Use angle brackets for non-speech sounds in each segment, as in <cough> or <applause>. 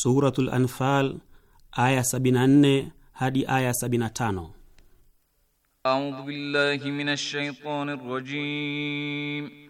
Suratul Anfal aya 74 hadi aya 75. A'udhu billahi minash shaitanir rajim.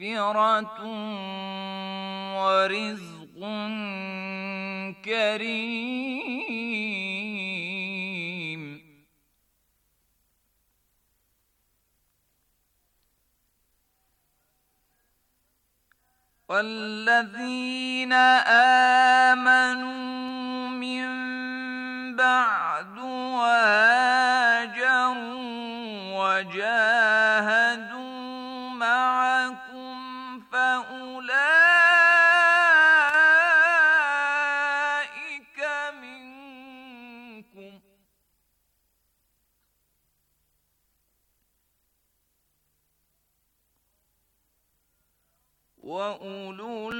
مغفرة ورزق كريم والذين آمنوا من بعد وآمنوا wa ulul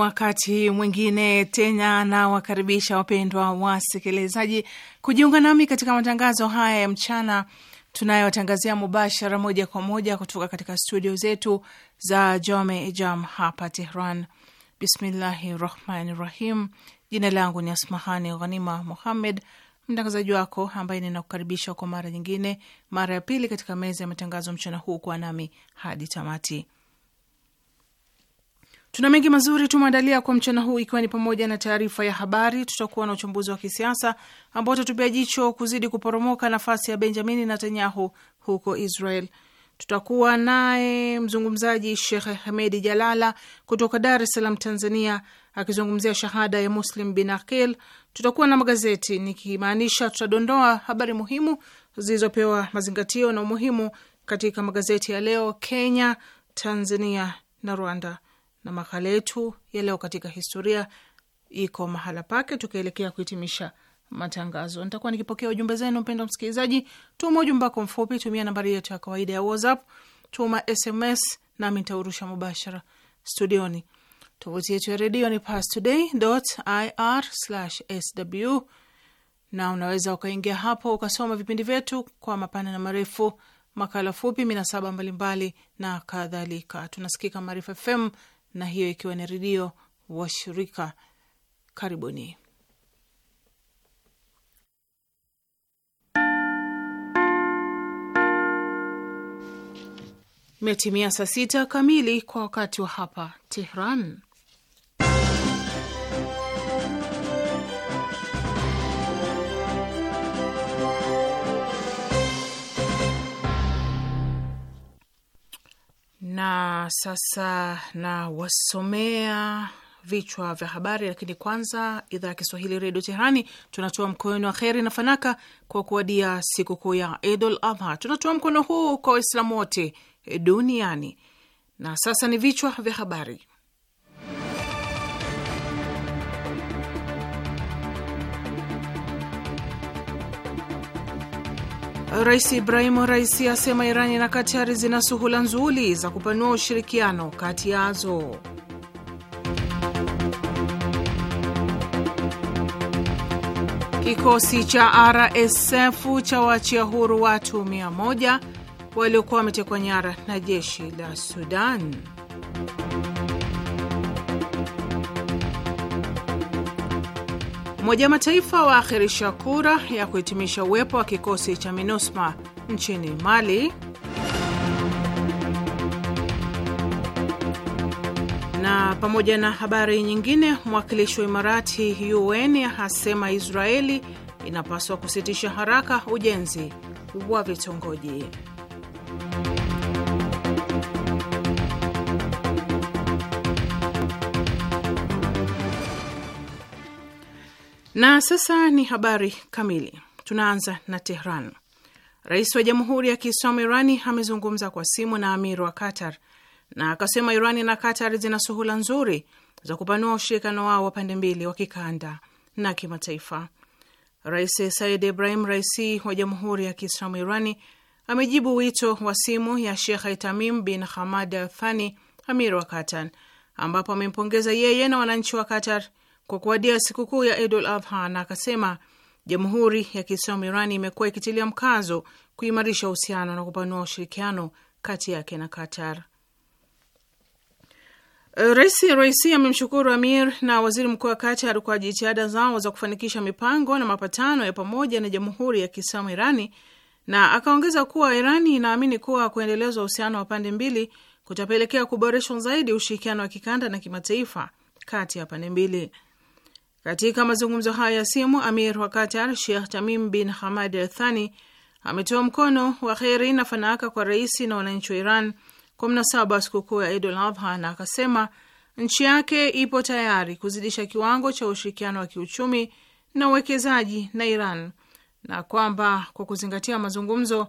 wakati mwingine tena nawakaribisha wapendwa wasikilizaji kujiunga nami katika matangazo haya ya mchana tunayotangazia mubashara moja kwa moja kutoka katika studio zetu za Jome Jam hapa Tehran. Bismillahi rahmani rahim. Jina langu ni Asmahani Ghanima Muhammed, mtangazaji wako ambaye ninakukaribisha kwa mara nyingine, mara ya pili katika meza ya matangazo mchana huu. Kuwa nami hadi tamati. Tuna mengi mazuri tumeandalia kwa mchana huu, ikiwa ni pamoja na taarifa ya habari. Tutakuwa na uchambuzi wa kisiasa ambao utatupia jicho kuzidi kuporomoka nafasi ya Benjamini Netanyahu huko Israel. Tutakuwa naye mzungumzaji Shekh Hamedi Jalala kutoka Dar es Salaam, Tanzania, akizungumzia shahada ya Muslim bin Aqil. Tutakuwa na magazeti, nikimaanisha tutadondoa habari muhimu zilizopewa mazingatio na umuhimu katika magazeti ya leo Kenya, Tanzania na Rwanda na makala yetu ya leo katika historia iko mahala pake, tukielekea kuhitimisha matangazo. Nitakuwa nikipokea ujumbe zenu, mpendwa msikilizaji. Tuma ujumbe wako mfupi, tumia nambari yetu ya kawaida ya WhatsApp, tuma SMS nami nitaurusha mubashara studioni. Tovuti yetu ya redio ni pastoday.ir/sw, na unaweza ukaingia hapo ukasoma vipindi vyetu kwa mapana na marefu, makala fupi, minasaba mbalimbali na kadhalika. Tunasikika Maarifa FM na hiyo ikiwa ni redio washirika. Karibuni. Imetimia saa sita kamili kwa wakati wa hapa Tehran. Na sasa na wasomea vichwa vya habari, lakini kwanza, idhaa ya Kiswahili Redio Teherani tunatoa mkono wa kheri na fanaka kwa kuwadia sikukuu ya Idul Adha. Tunatoa mkono huu kwa Waislamu wote duniani. Na sasa ni vichwa vya habari. Rais Ibrahimu Raisi asema Irani na Katari zina suhula nzuri za kupanua ushirikiano kati yazo. Kikosi cha RSF cha waachia huru watu 1 waliokuwa wametekwa nyara na jeshi la Sudan. Umoja wa Mataifa waakhirisha kura ya kuhitimisha uwepo wa kikosi cha MINUSMA nchini Mali, na pamoja na habari nyingine, mwakilishi wa Imarati UN asema Israeli inapaswa kusitisha haraka ujenzi wa vitongoji. Na sasa ni habari kamili. Tunaanza na Tehran. Rais wa Jamhuri ya Kiislamu Irani amezungumza kwa simu na amir wa Qatar na akasema Irani na Qatar zina suhula nzuri za kupanua ushirikano wao wa pande mbili wa kikanda na kimataifa. Rais Said Ibrahim Raisi wa Jamhuri ya Kiislamu Irani amejibu wito wa simu ya Shekh Itamim bin Hamad Al Thani, amir wa Qatar, ambapo amempongeza yeye na wananchi wa Qatar kwa kuwadia sikukuu ya Idul Adha, na akasema Jamhuri ya Kiislamu Irani imekuwa ikitilia mkazo kuimarisha uhusiano na kupanua ushirikiano kati yake na Qatar. E, Rais Raisi amemshukuru Amir na waziri mkuu wa Qatar kwa jitihada zao za kufanikisha mipango na mapatano ya pamoja na Jamhuri ya Kiislamu Irani, na akaongeza kuwa Irani inaamini kuwa kuendelezwa uhusiano wa pande mbili kutapelekea kuboreshwa zaidi ushirikiano wa kikanda na kimataifa kati ya pande mbili. Katika mazungumzo hayo ya simu, Amir wa Qatar Sheikh Tamim bin Hamad Al Thani ametoa mkono wa kheri na fanaka kwa rais na wananchi wa Iran kwa mnasaba wa sikukuu ya Idul Adha na akasema nchi yake ipo tayari kuzidisha kiwango cha ushirikiano wa kiuchumi na uwekezaji na Iran na kwamba kwa kuzingatia mazungumzo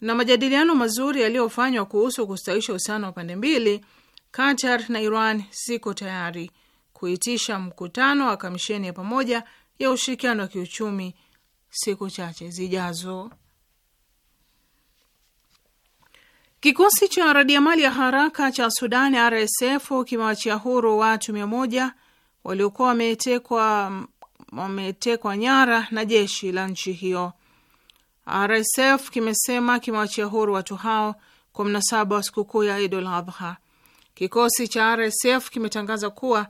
na majadiliano mazuri yaliyofanywa kuhusu kustawisha uhusiano wa pande mbili, Qatar na Iran ziko tayari kuitisha mkutano wa kamisheni ya pamoja ya ushirikiano wa kiuchumi siku chache zijazo. Kikosi cha radiamali ya haraka cha Sudani RSF kimewachia huru watu mia moja waliokuwa wametekwa wametekwa nyara na jeshi la nchi hiyo. RSF kimesema kimewachia huru watu hao kwa mnasaba wa sikukuu ya Idul Adha. Kikosi cha RSF kimetangaza kuwa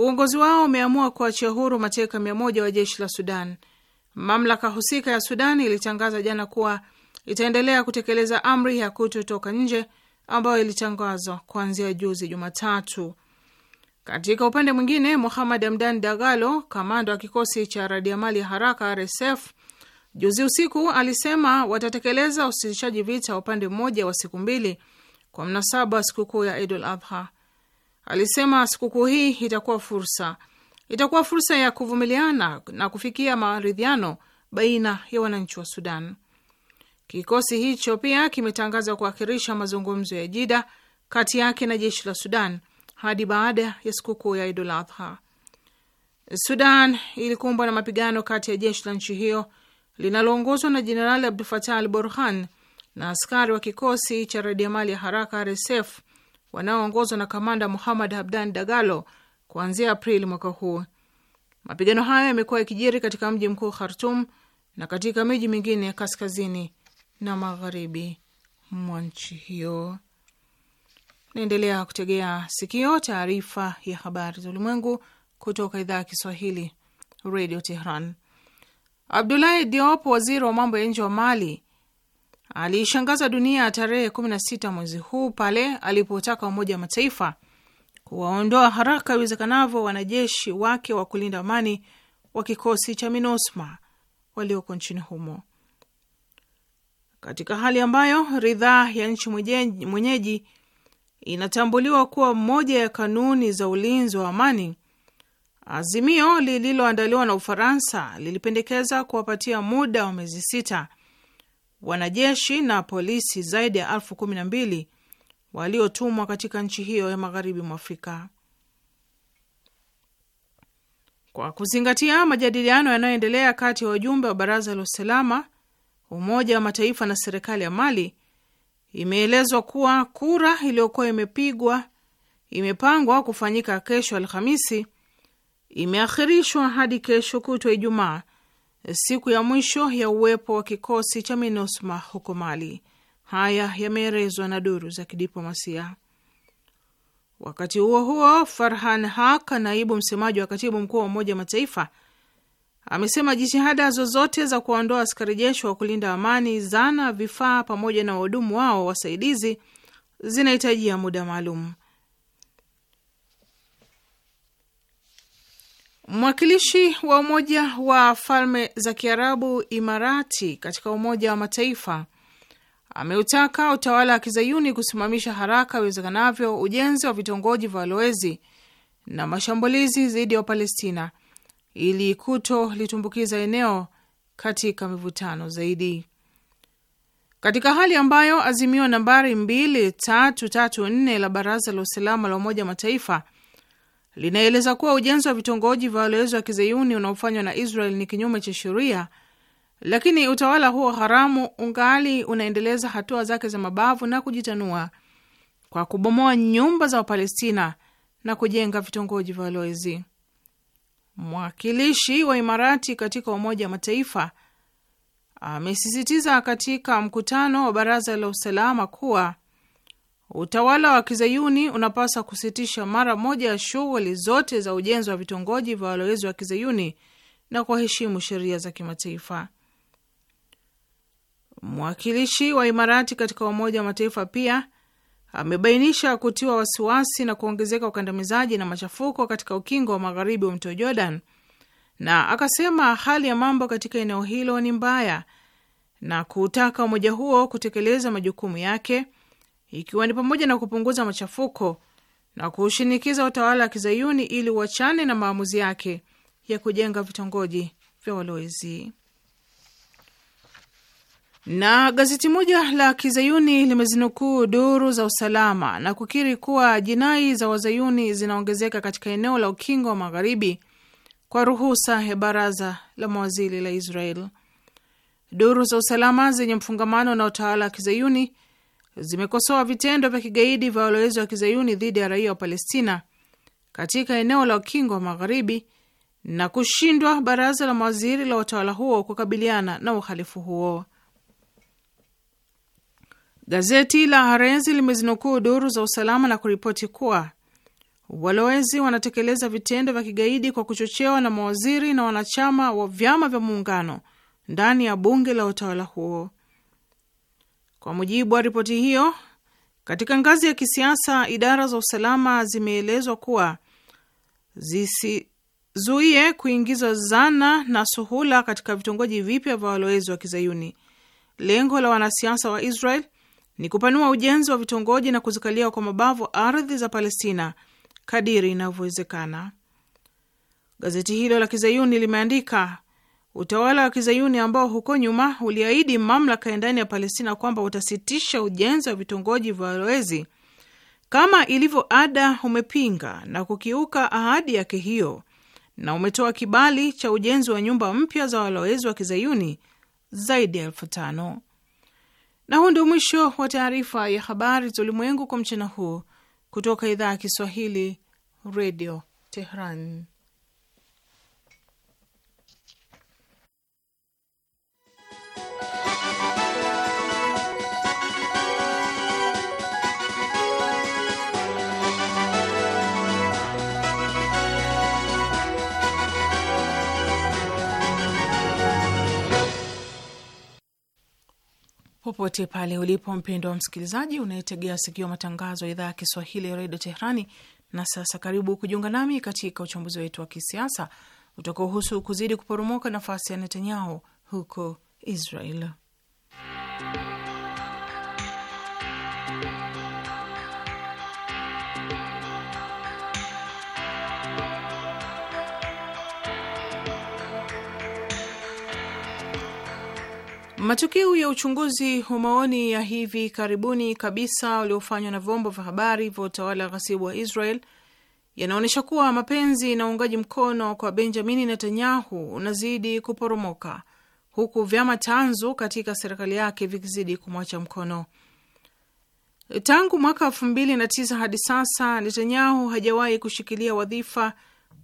Uongozi wao umeamua kuachia huru mateka mia moja wa jeshi la Sudan. Mamlaka husika ya Sudan ilitangaza jana kuwa itaendelea kutekeleza amri ya kutotoka nje ambayo ilitangazwa kuanzia juzi Jumatatu. Katika upande mwingine, Muhamad Amdan Dagalo, kamanda wa kikosi cha radiamali ya haraka RSF, juzi usiku alisema watatekeleza usitishaji vita wa upande mmoja wa siku mbili kwa mnasaba wa sikukuu ya Idul Adha. Alisema sikukuu hii itakuwa fursa itakuwa fursa ya kuvumiliana na kufikia maridhiano baina ya wananchi wa Sudan. Kikosi hicho pia kimetangaza kuakhirisha mazungumzo ya Jida kati yake na jeshi la Sudan hadi baada ya sikukuu ya Idul Adha. Sudan ilikumbwa na mapigano kati ya jeshi la nchi hiyo linaloongozwa na Jenerali Abdul Fatah al Burhan na askari wa kikosi cha radiamali ya haraka RSF wanaoongozwa na kamanda Muhammad Habdan Dagalo kuanzia Aprili mwaka huu. Mapigano hayo yamekuwa yakijiri katika mji mkuu Khartum na katika miji mingine ya kaskazini na magharibi mwa nchi hiyo. Naendelea kutegea sikio taarifa ya habari za ulimwengu kutoka idhaa ya Kiswahili, Radio Tehran. Abdulahi Diop, waziri wa mambo ya nje wa Mali, aliishangaza dunia tarehe 16 mwezi huu pale alipotaka Umoja wa Mataifa kuwaondoa haraka iwezekanavyo wanajeshi wake wa kulinda amani wa kikosi cha MINUSMA walioko nchini humo katika hali ambayo ridhaa ya nchi mwenyeji inatambuliwa kuwa moja ya kanuni za ulinzi wa amani. Azimio lililoandaliwa na Ufaransa lilipendekeza kuwapatia muda wa miezi sita wanajeshi na polisi zaidi ya elfu kumi na mbili waliotumwa katika nchi hiyo ya magharibi mwa Afrika. Kwa kuzingatia majadiliano yanayoendelea kati ya wajumbe wa Baraza la Usalama, Umoja wa Mataifa na serikali ya Mali, imeelezwa kuwa kura iliyokuwa imepigwa imepangwa kufanyika kesho Alhamisi imeakhirishwa hadi kesho kutwa Ijumaa siku ya mwisho ya uwepo wa kikosi cha MINUSMA huko Mali. Haya yameelezwa na duru za kidiplomasia. Wakati huo huo, Farhan Haq, naibu msemaji wa katibu mkuu wa Umoja wa Mataifa, amesema jitihada zozote za kuwaondoa askari jeshi wa kulinda amani, zana, vifaa pamoja na wahudumu wao wasaidizi zinahitajia muda maalum. Mwakilishi wa Umoja wa Falme za Kiarabu Imarati katika Umoja wa Mataifa ameutaka utawala wa kizayuni kusimamisha haraka iwezekanavyo ujenzi wa vitongoji vya walowezi na mashambulizi dhidi ya Wapalestina ili kuto litumbukiza eneo katika mivutano zaidi. Katika hali ambayo azimio nambari 2334 la Baraza la Usalama la Umoja wa Mataifa linaeleza kuwa ujenzi wa vitongoji vya walowezi wa kizeyuni unaofanywa na Israel ni kinyume cha sheria, lakini utawala huo haramu ungali unaendeleza hatua zake za mabavu na kujitanua kwa kubomoa nyumba za Wapalestina na kujenga vitongoji vya walowezi. Mwakilishi wa Imarati katika Umoja wa Mataifa amesisitiza katika mkutano wa Baraza la Usalama kuwa Utawala wa kizayuni unapaswa kusitisha mara moja shughuli zote za ujenzi wa vitongoji vya walowezi wa kizayuni na kuwaheshimu sheria za kimataifa. Mwakilishi wa Imarati katika Umoja wa Mataifa pia amebainisha kutiwa wasiwasi na kuongezeka ukandamizaji na machafuko katika ukingo wa magharibi wa mto Jordan, na akasema hali ya mambo katika eneo hilo ni mbaya na kuutaka umoja huo kutekeleza majukumu yake ikiwa ni pamoja na kupunguza machafuko na kuushinikiza utawala wa kizayuni ili uachane na maamuzi yake ya kujenga vitongoji vya walowezi. Na gazeti moja la kizayuni limezinukuu duru za usalama na kukiri kuwa jinai za wazayuni zinaongezeka katika eneo la ukingo wa magharibi kwa ruhusa ya baraza la mawaziri la Israel. Duru za usalama zenye mfungamano na utawala wa kizayuni zimekosoa vitendo vya kigaidi vya walowezi wa kizayuni dhidi ya raia wa Palestina katika eneo la ukingo wa Magharibi na kushindwa baraza la mawaziri la utawala huo kukabiliana na uhalifu huo. Gazeti la Harenzi limezinukuu duru za usalama na kuripoti kuwa walowezi wanatekeleza vitendo vya kigaidi kwa kuchochewa na mawaziri na wanachama wa vyama vya muungano ndani ya bunge la utawala huo. Kwa mujibu wa ripoti hiyo, katika ngazi ya kisiasa, idara za usalama zimeelezwa kuwa zisizuie kuingiza zana na suhula katika vitongoji vipya vya walowezi wa Kizayuni. Lengo la wanasiasa wa Israel ni kupanua ujenzi wa vitongoji na kuzikalia kwa mabavu ardhi za Palestina kadiri inavyowezekana. Gazeti hilo la Kizayuni limeandika Utawala wa kizayuni ambao huko nyuma uliahidi mamlaka ya ndani ya Palestina kwamba utasitisha ujenzi wa vitongoji vya walowezi, kama ilivyo ada, umepinga na kukiuka ahadi yake hiyo na umetoa kibali cha ujenzi wa nyumba mpya za walowezi wa kizayuni zaidi ya elfu tano. Na huu ndio mwisho wa taarifa ya habari za ulimwengu kwa mchana huu kutoka idhaa ya Kiswahili, Radio Tehran. popote pale ulipo mpendo wa msikilizaji unayetegea sikio matangazo ya idhaa ya Kiswahili ya redio Teherani. Na sasa karibu kujiunga nami katika uchambuzi wetu wa kisiasa utakaohusu kuzidi kuporomoka nafasi ya Netanyahu huko Israel. Matokeo ya uchunguzi wa maoni ya hivi karibuni kabisa uliofanywa na vyombo vya habari vya utawala ghasibu wa Israel yanaonyesha kuwa mapenzi na uungaji mkono kwa Benjamini Netanyahu unazidi kuporomoka huku vyama tanzu katika serikali yake vikizidi kumwacha mkono. Tangu mwaka elfu mbili na tisa hadi sasa, Netanyahu hajawahi kushikilia wadhifa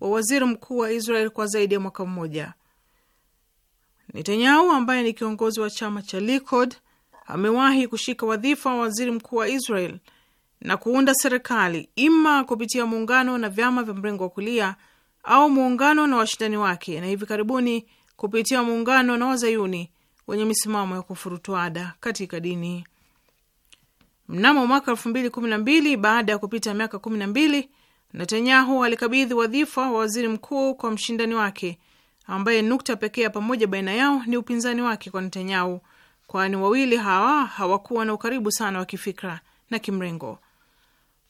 wa waziri mkuu wa Israel kwa zaidi ya mwaka mmoja. Netanyahu ambaye ni kiongozi wa chama cha Likud amewahi kushika wadhifa wa waziri mkuu wa Israel na kuunda serikali ima kupitia muungano na vyama vya mrengo wa kulia au muungano na washindani wake, na hivi karibuni kupitia muungano na wazayuni wenye misimamo ya kufurutuada katika dini. Mnamo mwaka elfu mbili kumi na mbili baada ya kupita miaka kumi na mbili Netanyahu alikabidhi wadhifa wa waziri mkuu kwa mshindani wake ambaye nukta pekee ya pamoja baina yao ni upinzani wake kwa Netanyahu, kwani wawili hawa hawakuwa na ukaribu sana wa kifikra na kimrengo.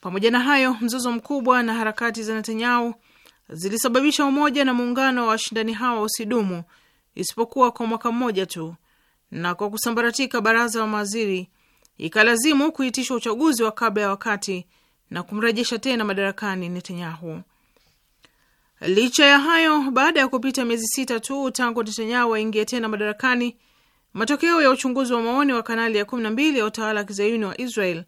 Pamoja na hayo, mzozo mkubwa na harakati za Netanyahu zilisababisha umoja na muungano wa washindani hawa usidumu isipokuwa kwa mwaka mmoja tu, na kwa kusambaratika baraza la mawaziri ikalazimu kuitishwa uchaguzi wa kabla ya wakati na kumrejesha tena madarakani Netanyahu. Licha ya hayo, baada ya kupita miezi sita tu tangu Netanyahu aingie tena madarakani, matokeo ya uchunguzi wa maoni wa kanali ya 12 ya utawala wa kizayuni wa Israel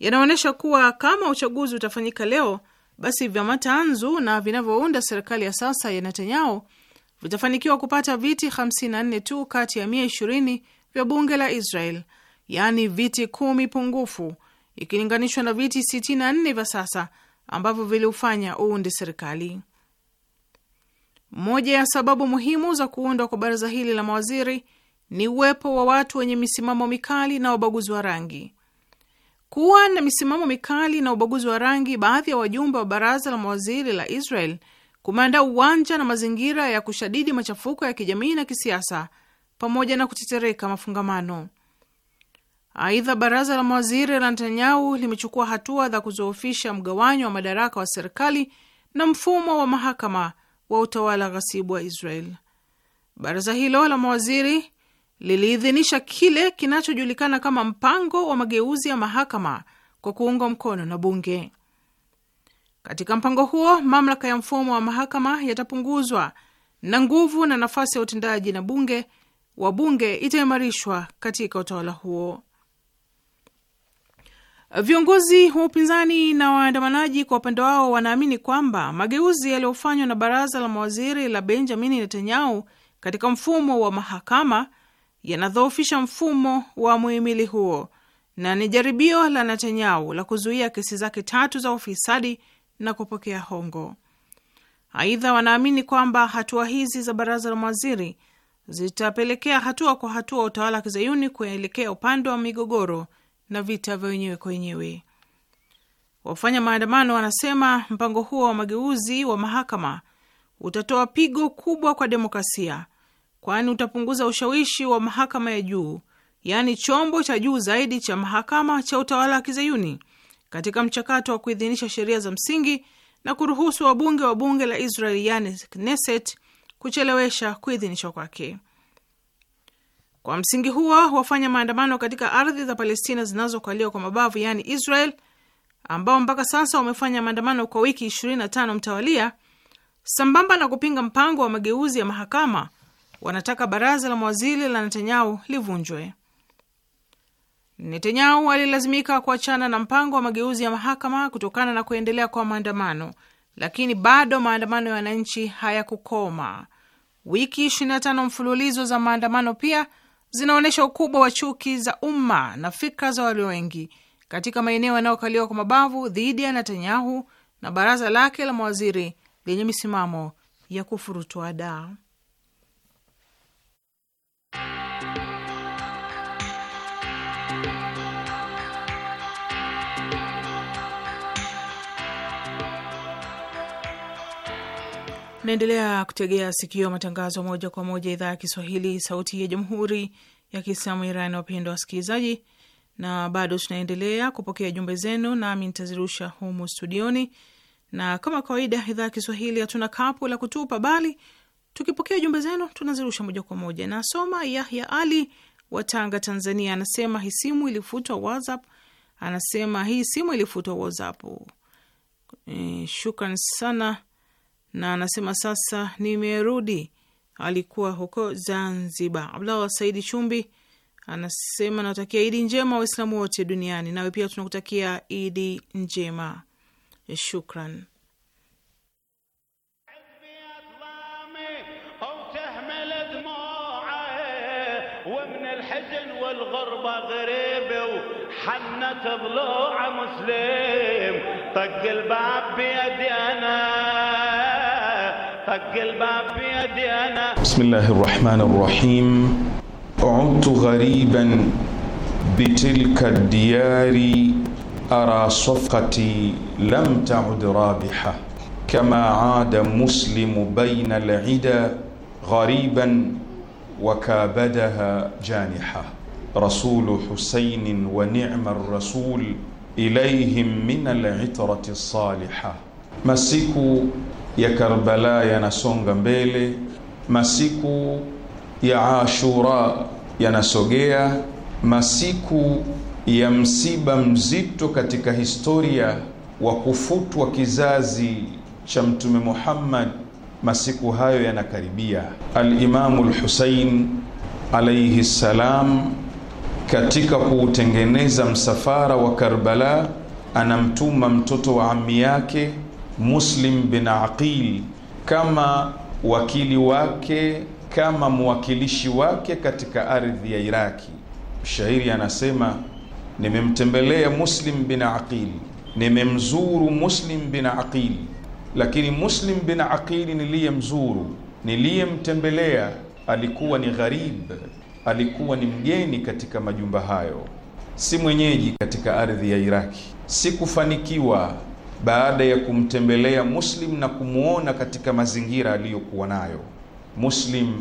yanaonyesha kuwa kama uchaguzi utafanyika leo, basi vyama tanzu na vinavyounda serikali ya sasa ya Netanyahu vitafanikiwa kupata viti 54 tu kati ya 120 vya bunge la Israel, yaani viti kumi pungufu ikilinganishwa na viti 64 vya sasa ambavyo viliufanya uundi serikali. Moja ya sababu muhimu za kuundwa kwa baraza hili la mawaziri ni uwepo wa watu wenye misimamo mikali na ubaguzi wa rangi. Kuwa na misimamo mikali na ubaguzi wa rangi baadhi ya wajumbe wa baraza la mawaziri la Israel kumeandaa uwanja na mazingira ya kushadidi machafuko ya kijamii na kisiasa pamoja na kutetereka mafungamano. Aidha, baraza la mawaziri la Netanyahu limechukua hatua za kuzoofisha mgawanyo wa madaraka wa serikali na mfumo wa mahakama wa utawala ghasibu wa Israel. Baraza hilo la mawaziri liliidhinisha kile kinachojulikana kama mpango wa mageuzi ya mahakama kwa kuungwa mkono na bunge. Katika mpango huo, mamlaka ya mfumo wa mahakama yatapunguzwa na nguvu na nafasi ya utendaji na bunge wa bunge itaimarishwa katika utawala huo. Viongozi wa upinzani na waandamanaji kwa upande wao wanaamini kwamba mageuzi yaliyofanywa na baraza la mawaziri la Benjamin Netanyahu katika mfumo wa mahakama yanadhoofisha mfumo wa muhimili huo na ni jaribio la Netanyahu la kuzuia kesi zake tatu za ufisadi na kupokea hongo. Aidha, wanaamini kwamba hatua hizi za baraza la mawaziri zitapelekea hatua kwa hatua utawala wa kizayuni kuelekea upande wa migogoro na vita vya wenyewe kwa wenyewe. Wafanya maandamano wanasema mpango huo wa mageuzi wa mahakama utatoa pigo kubwa kwa demokrasia, kwani utapunguza ushawishi wa mahakama ya juu, yaani chombo cha juu zaidi cha mahakama cha utawala wa kizayuni katika mchakato wa kuidhinisha sheria za msingi na kuruhusu wabunge wa bunge la israel yani Knesset, kuchelewesha kuidhinishwa kwake. Kwa msingi huo wafanya maandamano katika ardhi za Palestina zinazokaliwa kwa mabavu, yaani Israel, ambao mpaka sasa wamefanya maandamano kwa wiki 25 mtawalia, sambamba na kupinga mpango wa mageuzi ya mahakama, wanataka baraza la mawaziri la Netanyahu livunjwe. Netanyahu alilazimika kuachana na mpango wa mageuzi ya mahakama kutokana na kuendelea kwa maandamano, lakini bado maandamano ya wananchi hayakukoma. Wiki 25 mfululizo za maandamano pia zinaonyesha ukubwa wa chuki za umma na fikra za walio wengi katika maeneo yanayokaliwa kwa mabavu dhidi ya Netanyahu na baraza lake la mawaziri lenye misimamo ya kufurutwa daa. Naendelea kutegea sikio matangazo moja kwa moja idhaa ya Kiswahili, sauti ya jamhuri ya kiislamu Iran. Wapendwa wasikilizaji, na bado tunaendelea kupokea jumbe zenu, nami nitazirusha humu studioni, na kama kawaida, idhaa ya Kiswahili hatuna kapu la kutupa, bali tukipokea jumbe zenu tunazirusha moja kwa moja. Nasoma Yahya Ali wa Tanga, Tanzania, anasema hii simu ilifutwa WhatsApp. Anasema hii simu ilifutwa WhatsApp. E, shukran sana na anasema sasa nimerudi. Alikuwa huko Zanzibar. Abdallah Saidi Chumbi anasema nawatakia Idi njema Waislamu wote duniani. Nawe pia tunakutakia Idi njema, shukran. طق الباب بيدي انا حق الباب في أنا بسم الله الرحمن الرحيم عدت غريبا بتلك الديار أرى صفقتي لم تعد رابحة كما عاد مسلم بين العدا غريبا وكابدها جانحة رسول حسين ونعم الرسول إليهم من العترة الصالحة مسكوا ya Karbala yanasonga mbele, masiku ya Ashura yanasogea, masiku ya msiba mzito katika historia wa kufutwa kizazi cha Mtume Muhammad, masiku hayo yanakaribia. Alimamu Lhusein alaihi ssalam, katika kuutengeneza msafara wa Karbala, anamtuma mtoto wa ammi yake Muslim bin Aqil kama wakili wake, kama mwakilishi wake katika ardhi ya Iraki. Mshairi anasema nimemtembelea Muslim bin Aqil, nimemzuru Muslim bin Aqil, lakini Muslim bin Aqil niliyemzuru, niliyemtembelea, alikuwa ni gharib, alikuwa ni mgeni katika majumba hayo, si mwenyeji katika ardhi ya Iraki, sikufanikiwa baada ya kumtembelea Muslim na kumwona katika mazingira aliyokuwa nayo. Muslim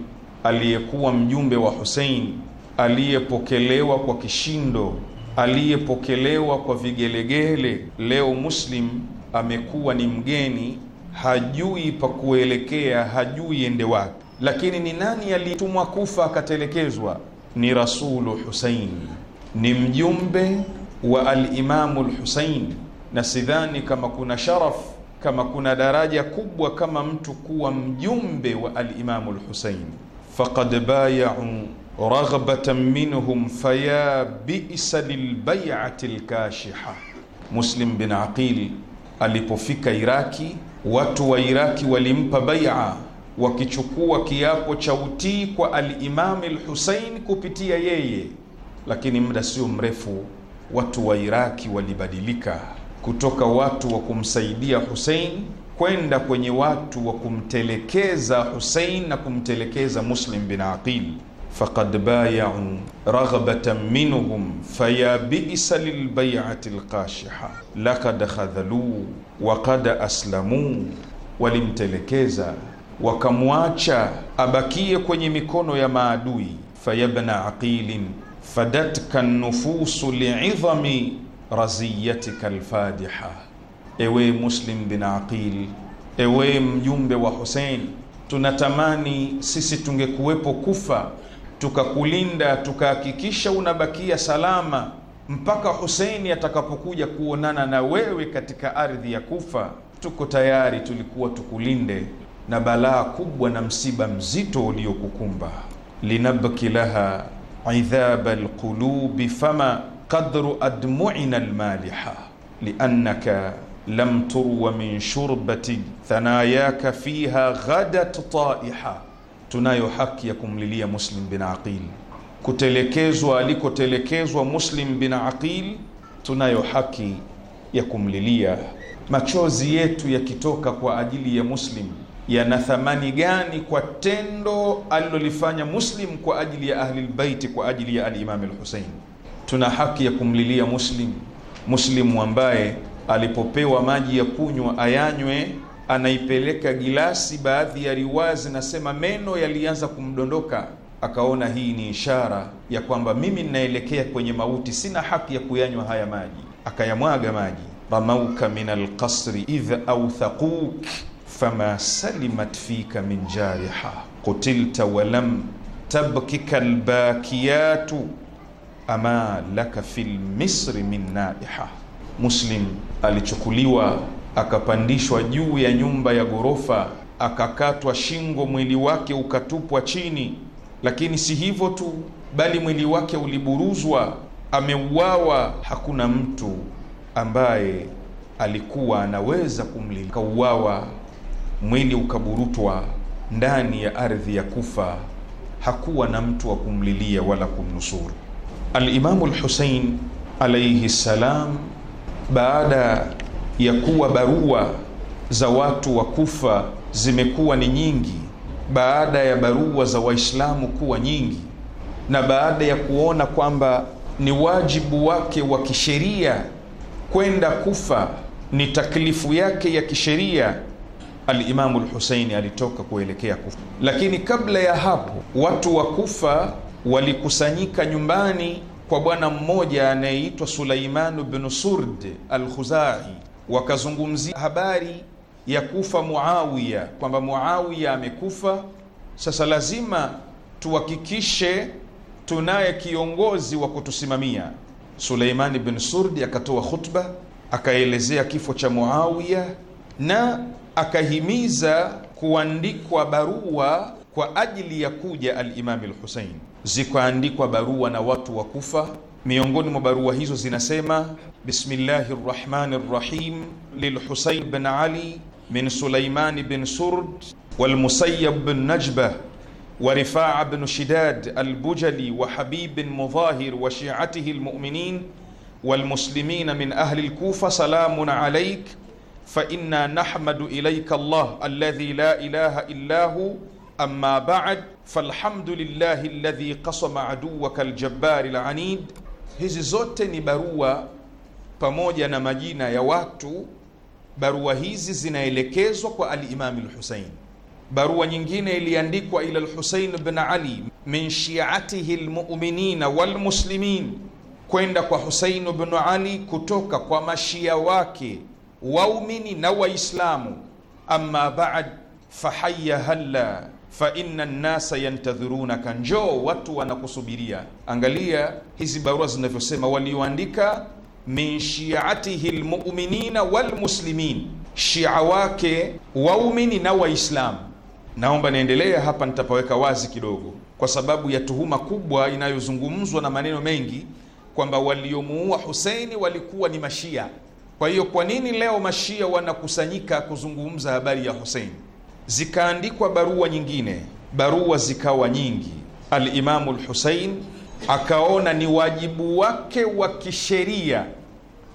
aliyekuwa mjumbe wa Hussein, aliyepokelewa kwa kishindo, aliyepokelewa kwa vigelegele, leo Muslim amekuwa ni mgeni, hajui pa kuelekea, hajui ende wapi. Lakini ni nani aliyetumwa Kufa akatelekezwa? Ni Rasulu Husaini, ni mjumbe wa Alimamu Lhusaini na sidhani kama kuna sharaf kama kuna daraja kubwa kama mtu kuwa mjumbe wa alimamu lhusein faqad bayau raghbatan minhum faya bisa lilbaiati lkashiha muslim bin aqil alipofika iraki watu wa iraki walimpa baia wakichukua kiapo cha utii kwa alimami lhusein kupitia yeye lakini muda sio mrefu watu wa iraki walibadilika kutoka watu wa kumsaidia Hussein kwenda kwenye watu wa kumtelekeza Hussein na kumtelekeza Muslim bin Aqil. Faqad bayau raghbatan minhum faya bisa lilbayati laqad lakad wa qad aslamu, walimtelekeza wakamwacha abakie kwenye mikono ya maadui. Fayabna aqilin fadatka nufusu liidhami raziyatika alfadiha, ewe Muslim bin Aqil, ewe mjumbe wa Hussein, tunatamani sisi tungekuwepo Kufa tukakulinda tukahakikisha unabakia salama mpaka Huseini atakapokuja kuonana na wewe katika ardhi ya Kufa. Tuko tayari, tulikuwa tukulinde na balaa kubwa na msiba mzito uliokukumba. linabki laha idhaba lqulubi fama qadru admu'ina almaliha liannaka lam turwa min shurbati thanayaka fiha ghadat taiha. Tunayo haki ya kumlilia Muslim bin Aqil, kutelekezwa alikotelekezwa Muslim bin Aqil, tunayo haki ya kumlilia. Machozi yetu yakitoka kwa ajili ya Muslim yana thamani gani kwa tendo alilolifanya Muslim kwa ajili ya Ahlilbaiti, kwa ajili ya Alimami Lhusein? tuna haki ya kumlilia Muslim, Muslimu ambaye alipopewa maji ya kunywa ayanywe, anaipeleka gilasi. Baadhi ya riwaya zinasema meno yalianza kumdondoka, akaona hii ni ishara ya kwamba mimi ninaelekea kwenye mauti, sina haki ya kuyanywa haya maji, akayamwaga maji. ramauka min alqasri idh authaquk fama salimat fika min jariha qutilta walam tabkika albakiyatu ama laka fil misri min naiha. Muslim alichukuliwa akapandishwa juu ya nyumba ya ghorofa, akakatwa shingo, mwili wake ukatupwa chini. Lakini si hivyo tu, bali mwili wake uliburuzwa, ameuawa. Hakuna mtu ambaye alikuwa anaweza kumlilia. Kauawa, mwili ukaburutwa ndani ya ardhi ya Kufa. Hakuwa na mtu wa kumlilia wala kumnusuru. Alimamu Lhusein alaihi ssalam, baada ya kuwa barua za watu wa Kufa zimekuwa ni nyingi, baada ya barua za Waislamu kuwa nyingi, na baada ya kuona kwamba ni wajibu wake wa kisheria kwenda Kufa, ni taklifu yake ya kisheria Alimamu Lhuseini alitoka kuelekea Kufa, lakini kabla ya hapo watu wa Kufa walikusanyika nyumbani kwa bwana mmoja anayeitwa Sulaimanu bnu Surd Alkhuzai, wakazungumzia habari ya kufa Muawiya, kwamba Muawiya amekufa. Sasa lazima tuhakikishe tunaye kiongozi wa kutusimamia. Suleiman bin Surdi akatoa khutba, akaelezea kifo cha Muawiya na akahimiza kuandikwa barua kwa ajili ya kuja Alimami Lhusein zikaandikwa barua na watu wa Kufa. Miongoni mwa barua hizo zinasema: bismillahi rrahmani rrahim lilhusain bin ali min sulaimani bin surd walmusayab bin najba wa rifaa bin shidad albujali wa habib bin mudhahir wa shiatihi lmuminin walmuslimina min ahli lkufa salamun alaik fa inna nahmadu ilaika llah alladhi la ilaha illa hu أما بعد فالحمد لله الذي قصم عدوك الجبار hizi zote ni barua pamoja na majina ya watu barua hizi zinaelekezwa kwa alimami lhusein barua nyingine iliandikwa ila lhusein bn ali min shiatihi lmuminina walmuslimin kwenda kwa husein bnu ali kutoka kwa mashia wake waumini na waislamu amma bad fahaya halla fa inna nnasa yantadhirunaka, njoo watu wanakusubiria. Angalia hizi barua zinavyosema, walioandika min shiatihi lmuminina walmuslimin, shia wake waumini na Waislamu. Naomba niendelee hapa, nitapaweka wazi kidogo, kwa sababu ya tuhuma kubwa inayozungumzwa na maneno mengi kwamba waliomuua Huseini walikuwa ni Mashia. Kwa hiyo, kwa nini leo Mashia wanakusanyika kuzungumza habari ya Huseini? zikaandikwa barua nyingine, barua zikawa nyingi. Alimamu Lhusein akaona ni wajibu wake wa kisheria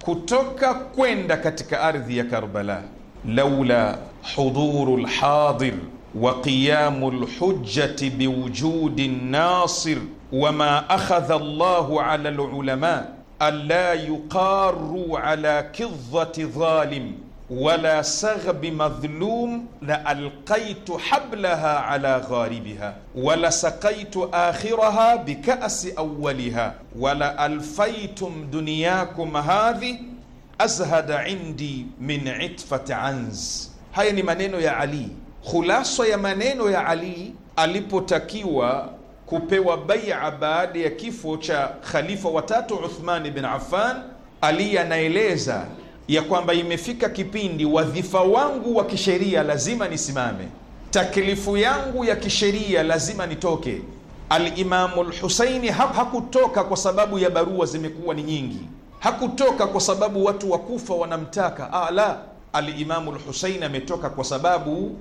kutoka kwenda katika ardhi ya Karbala. laula huduru lhadir wa qiyamu lhujjati biwujudi nasir wama akhadha llahu ala lulama an la yuqaru ala kidhati dhalim wala saghbi madhlum la alqaitu hablaha ala gharibiha wala sakaitu akhiraha bikasi awaliha wala alfaitum dunyakum hadhi azhada indi min itfati anz. Haya ni maneno ya Ali, khulasa ya maneno ya Ali alipotakiwa kupewa baia baada ya kifo cha khalifa watatu Uthmani bin Affan. Ali anaeleza ya kwamba imefika kipindi wadhifa wangu wa kisheria lazima nisimame, taklifu yangu ya kisheria lazima nitoke. Alimamu Lhusaini hakutoka kwa sababu ya barua zimekuwa ni nyingi, hakutoka kwa sababu watu wa kufa wanamtaka. Ah, la, Alimamu Lhusaini ametoka kwa sababu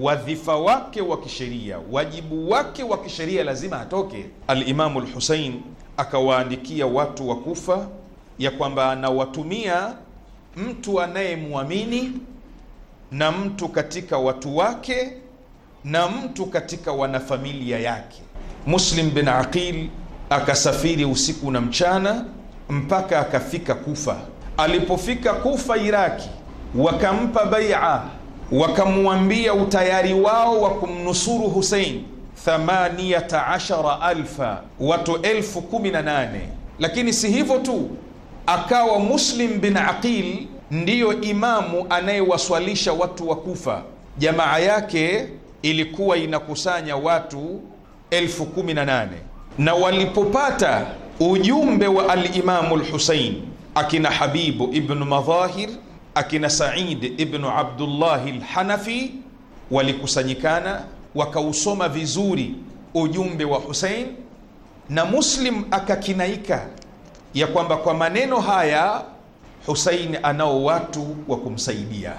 wadhifa wake wa kisheria, wajibu wake wa kisheria lazima atoke. Alimamu Lhusain akawaandikia watu wa Kufa ya kwamba anawatumia mtu anayemwamini na mtu katika watu wake na mtu katika wanafamilia yake. Muslim bin Aqil akasafiri usiku na mchana mpaka akafika Kufa. Alipofika Kufa Iraki, wakampa baia, wakamwambia utayari wao wa kumnusuru Husein 8 ashara alfa, watu elfu kumi na nane. Lakini si hivyo tu akawa Muslim bin Aqil ndiyo imamu anayewaswalisha watu wa Kufa. Jamaa yake ilikuwa inakusanya watu elfu kumi na nane na walipopata ujumbe wa alimamu Lhusein, akina Habibu ibnu Madhahir, akina Said ibnu Abdullahi Lhanafi walikusanyikana wakausoma vizuri ujumbe wa Husein, na Muslim akakinaika ya kwamba kwa maneno haya Husaini anao watu wa kumsaidia.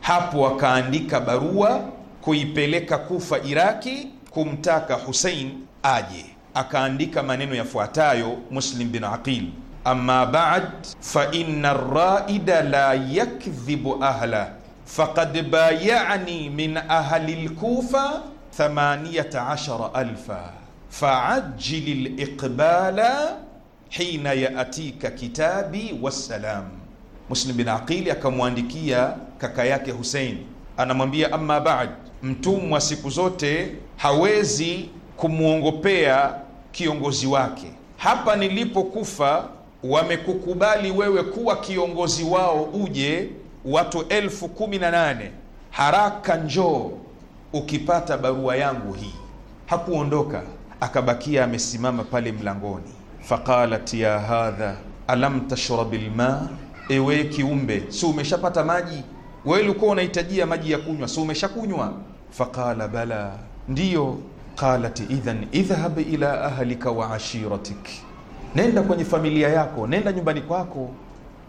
Hapo akaandika barua kuipeleka Kufa, Iraki, kumtaka husein aje. Akaandika maneno yafuatayo, Muslim bin Aqil: amma ba'd fa inna raida la yakdhibu ahla faqad bayani min ahli lkufa 18000 faajjil liqbala hina yaatika kitabi wassalam. Muslim bin Aqili akamwandikia kaka yake husein anamwambia amma ba'd, mtumwa siku zote hawezi kumwongopea kiongozi wake. Hapa nilipokufa wamekukubali wewe kuwa kiongozi wao, uje watu elfu kumi na nane haraka njoo ukipata barua yangu hii. Hakuondoka, akabakia amesimama pale mlangoni faqalat ya hadha alam tashrab alma, ewe kiumbe, si umeshapata maji? Wewe ulikuwa unahitajia maji ya kunywa, si umeshakunywa? Faqala bala, ndiyo. Qalat idhan idhhab ila ahlika wa ashiratik, nenda kwenye familia yako, nenda nyumbani kwako,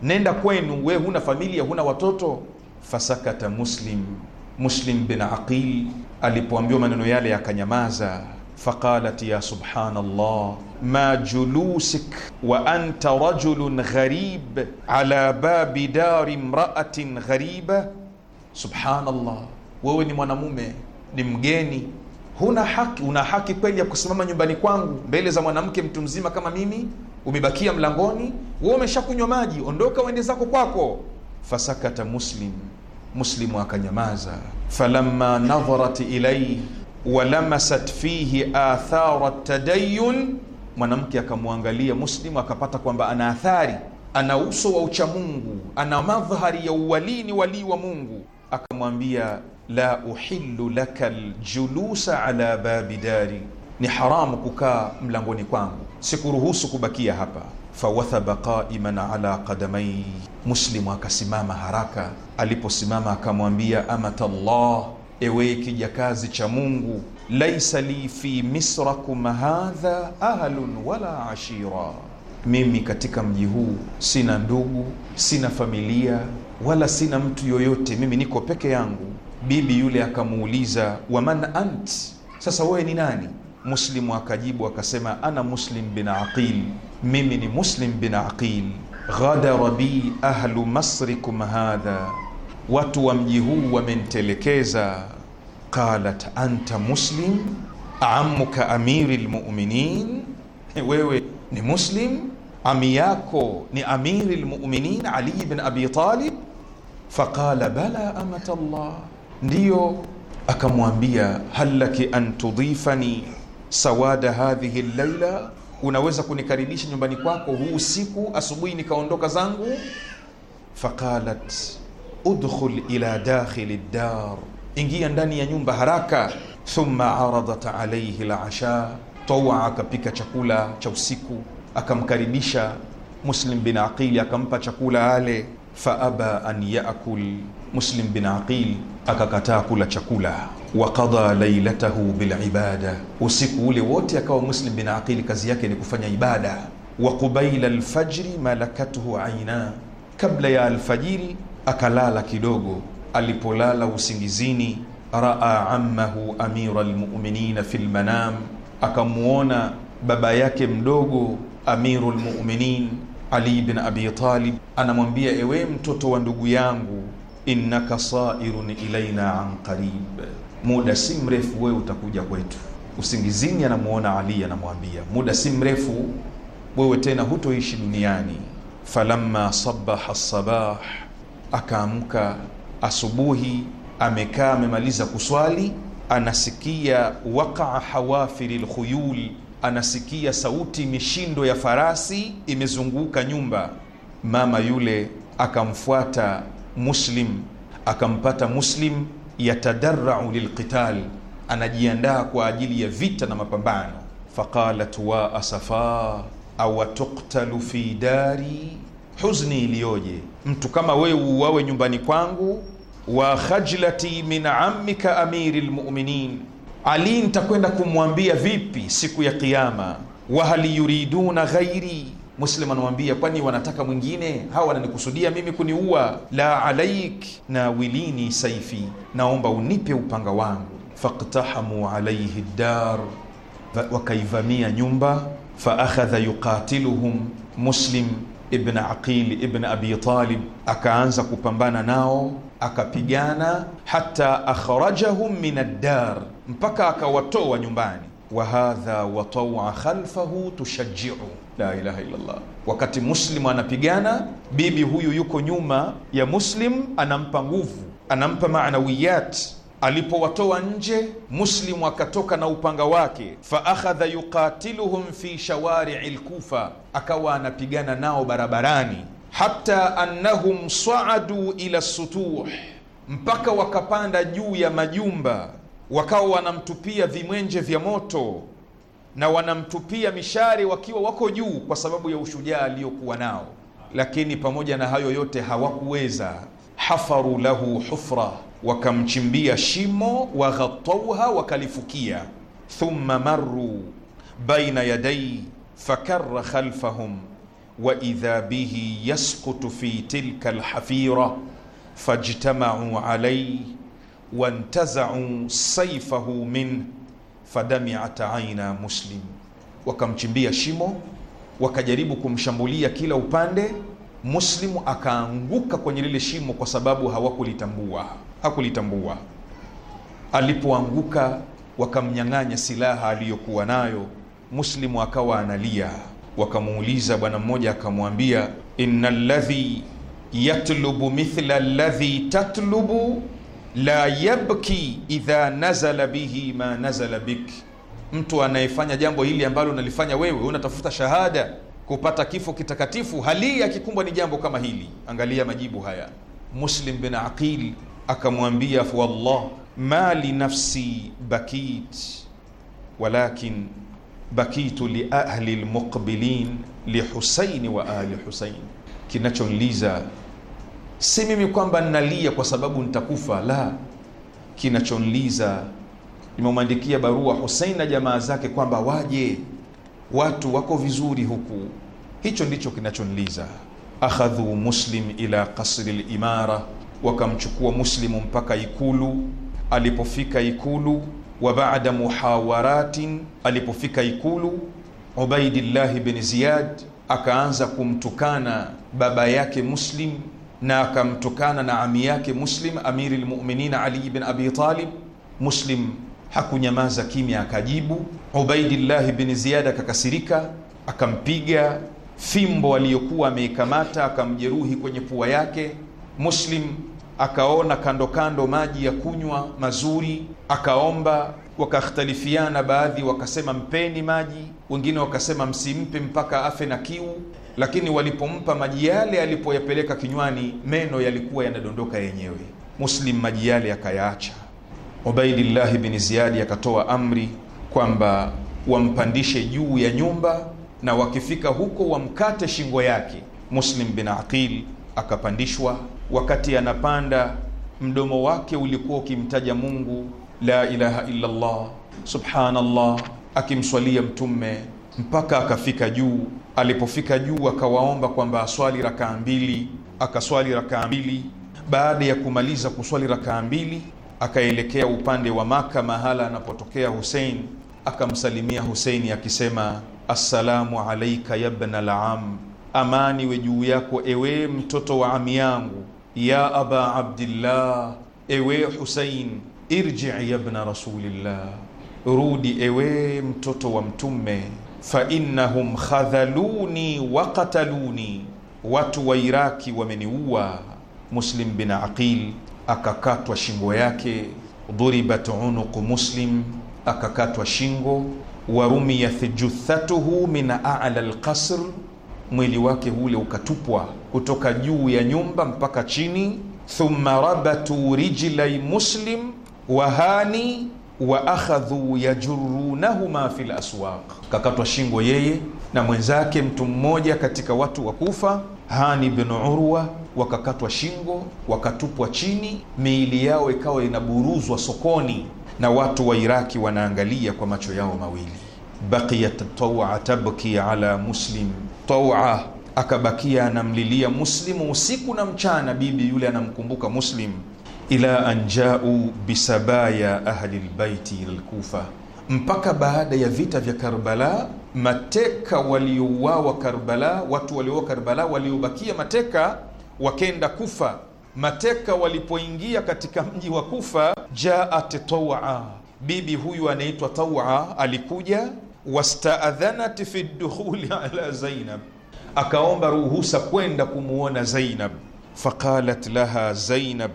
nenda kwenu. We huna familia, huna watoto. Fasakata Muslim, Muslim bin Aqil alipoambiwa maneno yale akanyamaza faqalat ya subhanallah ma julusik wa anta rajulun gharib ala babi dari mraatin ghariba. Subhanallah, wewe ni mwanamume, ni mgeni, huna haki. Una haki kweli ya kusimama nyumbani kwangu mbele za mwanamke mtu mzima kama mimi? Umebakia mlangoni, wewe umeshakunywa maji, ondoka uende zako kwako. Fasakata Muslim, Muslimu akanyamaza. Falamma nadharat ilayhi walamasat fihi athara tadayun, mwanamke akamwangalia Muslimu akapata kwamba ana athari, ana uso wa ucha mungu ana madhhari ya uwalini, walii wa Mungu. Akamwambia, la uhillu laka ljulusa ala babi dari, ni haramu kukaa mlangoni kwangu, sikuruhusu kubakia hapa. Fawathaba qaiman ala qadamai, Muslimu akasimama haraka. Aliposimama akamwambia, amatallah ewe kijakazi cha Mungu, laisa li fi misrakum hadha ahlun wala ashira, mimi katika mji huu sina ndugu, sina familia wala sina mtu yoyote, mimi niko peke yangu. Bibi yule akamuuliza waman ant, sasa wewe ni nani? Muslimu akajibu akasema, ana Muslim bin Aqil, mimi ni Muslim bin Aqil. Ghadara bi ahlu masrikum hadha watu wa mji huu wamentelekeza Qalat anta muslim amuka amiri lmuminin, <laughs> wewe ni muslim, ami yako ni amiri lmuminin Ali bn Abi Talib. Faqala bala amata llah, ndiyo akamwambia hal laki an tudifani sawada hadhihi llaila, unaweza kunikaribisha nyumbani kwako huu usiku, asubuhi nikaondoka zangu. Faqalat udkhul ila dakhili dar, ingia ndani ya nyumba haraka. Thumma aradat alaihi lasha tawa, akapika chakula cha usiku akamkaribisha Muslim bin Aqil akampa chakula ale. Faaba an yakul, Muslim bin Aqil akakataa kula chakula. Waqada lailatahu bilibada, usiku ule wote akawa Muslim bin Aqil kazi yake ni kufanya ibada. Wa qubaila alfajri malakathu aina, kabla ya alfajiri akalala kidogo. Alipolala usingizini, raa ammahu amira lmuminina fi lmanam, akamwona baba yake mdogo amiru lmuminin Ali bin Abi Talib anamwambia, ewe mtoto wa ndugu yangu, innaka sairun ilaina an qarib, muda si mrefu wewe utakuja kwetu. Usingizini anamuona Ali, anamwambia muda si mrefu wewe tena hutoishi duniani. falamma sabaha sabah akaamka asubuhi, amekaa amemaliza kuswali, anasikia waqaa hawafiri lkhuyul, anasikia sauti mishindo ya farasi imezunguka nyumba. Mama yule akamfuata Muslim, akampata Muslim yatadarau lilqital, anajiandaa kwa ajili ya vita na mapambano. Faqalat wa asafa awatuktalu fi dari Huzni iliyoje! Mtu kama wewe uwawe nyumbani kwangu. Wa khajlati min ammika amiri lmuminin Ali, nitakwenda kumwambia vipi siku ya Kiama? Wa hal yuriduna ghairi Muslim anawambia, kwani wanataka mwingine? Hawa wananikusudia mimi kuniua. La alaik na wilini saifi, naomba unipe upanga wangu. Faktahamu alaihi ddar wakaivamia nyumba. Faakhadha yuqatiluhum Muslim ibn Aqil ibn Abi Talib akaanza kupambana nao, akapigana hata akhrajahum min ad-dar, mpaka akawatoa nyumbani. Wa hadha wa tawa khalfahu tushajjiu la ilaha illa Allah. Wakati Muslim anapigana, bibi huyu yuko nyuma ya Muslim, anampa nguvu, anampa maanawiyat Alipowatoa nje, Muslimu akatoka na upanga wake, fa akhadha yuqatiluhum fi shawari'i lkufa, akawa anapigana nao barabarani, hatta annahum saadu ila sutuh, mpaka wakapanda juu ya majumba, wakawa wanamtupia vimwenje vya moto na wanamtupia mishari wakiwa wako juu, kwa sababu ya ushujaa aliyokuwa nao. Lakini pamoja na hayo yote hawakuweza, hafaru lahu hufra wakamchimbia shimo, waghatauha, wakalifukia. Thumma marru baina yadai fakarra khalfahum wa idha bihi yasqutu fi tilka lhafira fajtamau alaih wantazau saifahu min fadamiat aina muslim, wakamchimbia shimo wakajaribu kumshambulia kila upande. Muslimu akaanguka kwenye lile shimo kwa sababu hawakulitambua hakulitambua. Alipoanguka wakamnyang'anya silaha aliyokuwa nayo, Muslimu akawa analia. Wakamuuliza, bwana mmoja akamwambia, inna ladhi yatlubu mithla ladhi tatlubu la yabki idha nazala bihi ma nazala bik, mtu anayefanya jambo hili ambalo unalifanya wewe, unatafuta shahada kupata kifo kitakatifu, hali akikumbwa ni jambo kama hili. Angalia majibu haya Muslim bin Aqil akamwambia wallah ma linafsi bakit walakin bakitu liahli lmuqbilin husaini wa ali husain, kinachonliza si mimi kwamba nnalia kwa sababu nitakufa, la, kinachonliza nimemwandikia barua Husein na jamaa zake kwamba waje, watu wako vizuri huku. Hicho ndicho kinachonliza. akhadhu muslim ila qasri limara wakamchukua Muslimu mpaka Ikulu. Alipofika Ikulu, wa baada muhawaratin, alipofika Ikulu, Ubaidillahi bin Ziyad akaanza kumtukana baba yake Muslim na akamtukana na ami yake Muslim, Amiri lmuminin Ali bin Abi Talib. Muslim hakunyamaza kimya, akajibu. Ubaidillahi bin Ziyad akakasirika, akampiga fimbo aliyokuwa ameikamata, akamjeruhi kwenye pua yake. Muslim akaona kando kando maji ya kunywa mazuri, akaomba. Wakakhtalifiana, baadhi wakasema mpeni maji, wengine wakasema msimpe mpaka afe na kiu. Lakini walipompa maji yale, alipoyapeleka kinywani, meno yalikuwa yanadondoka yenyewe. Muslim maji yale akayaacha. Ubaidillahi bin Ziyadi akatoa amri kwamba wampandishe juu ya nyumba na wakifika huko wamkate shingo yake. Muslim bin Aqil akapandishwa. Wakati anapanda mdomo wake ulikuwa ukimtaja Mungu, la ilaha illa Allah, subhanallah, akimswalia Mtume mpaka akafika juu. Alipofika juu, akawaomba kwamba aswali rakaa mbili, akaswali rakaa mbili. Baada ya kumaliza kuswali rakaa mbili, akaelekea upande wa Maka, mahala anapotokea Hussein, akamsalimia Huseini akisema assalamu alaika yabna al-am amani we juu yako, ewe mtoto wa ami yangu, ya aba Abdillah, ewe Husain, irji yabna rasulillah, rudi ewe mtoto wa Mtume, fa innahum khadhaluni wa qataluni, watu wa Iraki wameniua. Muslim bin Aqil akakatwa shingo yake, dhuribat unuqu Muslim akakatwa shingo, warumiyat juthatuhu min ala alqasr mwili wake ule ukatupwa kutoka juu ya nyumba mpaka chini. Thumma rabatu rijlai muslim wahani wa akhadhu yajurunahuma fi laswaq, kakatwa shingo yeye na mwenzake mtu mmoja katika watu wa Kufa, Hani bin Urwa, wakakatwa shingo wakatupwa chini, miili yao ikawa inaburuzwa sokoni na watu wa Iraki wanaangalia kwa macho yao mawili. Baqiyat tawa tabki ala muslim taua akabakia anamlilia Muslimu usiku na mchana, bibi yule anamkumbuka Muslim, ila anjau bisabaya ahli lbaiti ila lkufa, mpaka baada ya vita vya Karbala mateka waliouawa Karbala, watu waliouawa Karbala waliobakia mateka wakenda Kufa. Mateka walipoingia katika mji wa Kufa, jaat taua, bibi huyu anaitwa Taua alikuja wastaadhanat fi dukhuli ala Zainab, akaomba ruhusa kwenda kumuona Zainab. Faqalat laha Zainab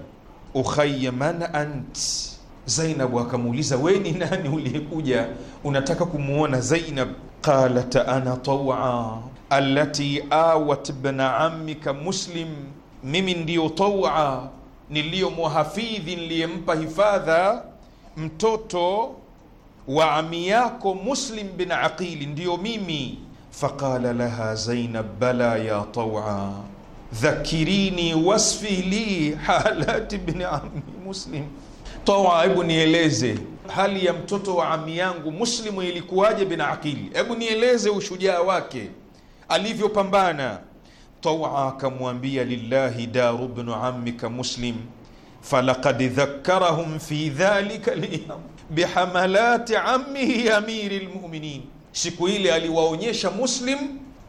ukhayya man ant, Zainab akamuuliza we ni nani uliyekuja unataka kumuona Zainab? Qalat ana tawa allati awat bna ammika Muslim, mimi ndiyo tawa niliyomhafidhi niliyempa hifadha mtoto wa ami yako Muslim bin Aqili ndiyo mimi. Faqala laha Zainab bala ya tawa dhakirini wasfi li halati bni ami Muslim. Tawa, hebu nieleze hali ya mtoto wa ami yangu Muslimu ilikuwaje? Bin Aqili, hebu nieleze ushujaa wake alivyopambana. Tawa akamwambia lillahi daru bnu amika Muslim falaqad dhakarahum fi dhalika liyam bihamalati ammihi amiri lmuminin, siku ile aliwaonyesha Muslim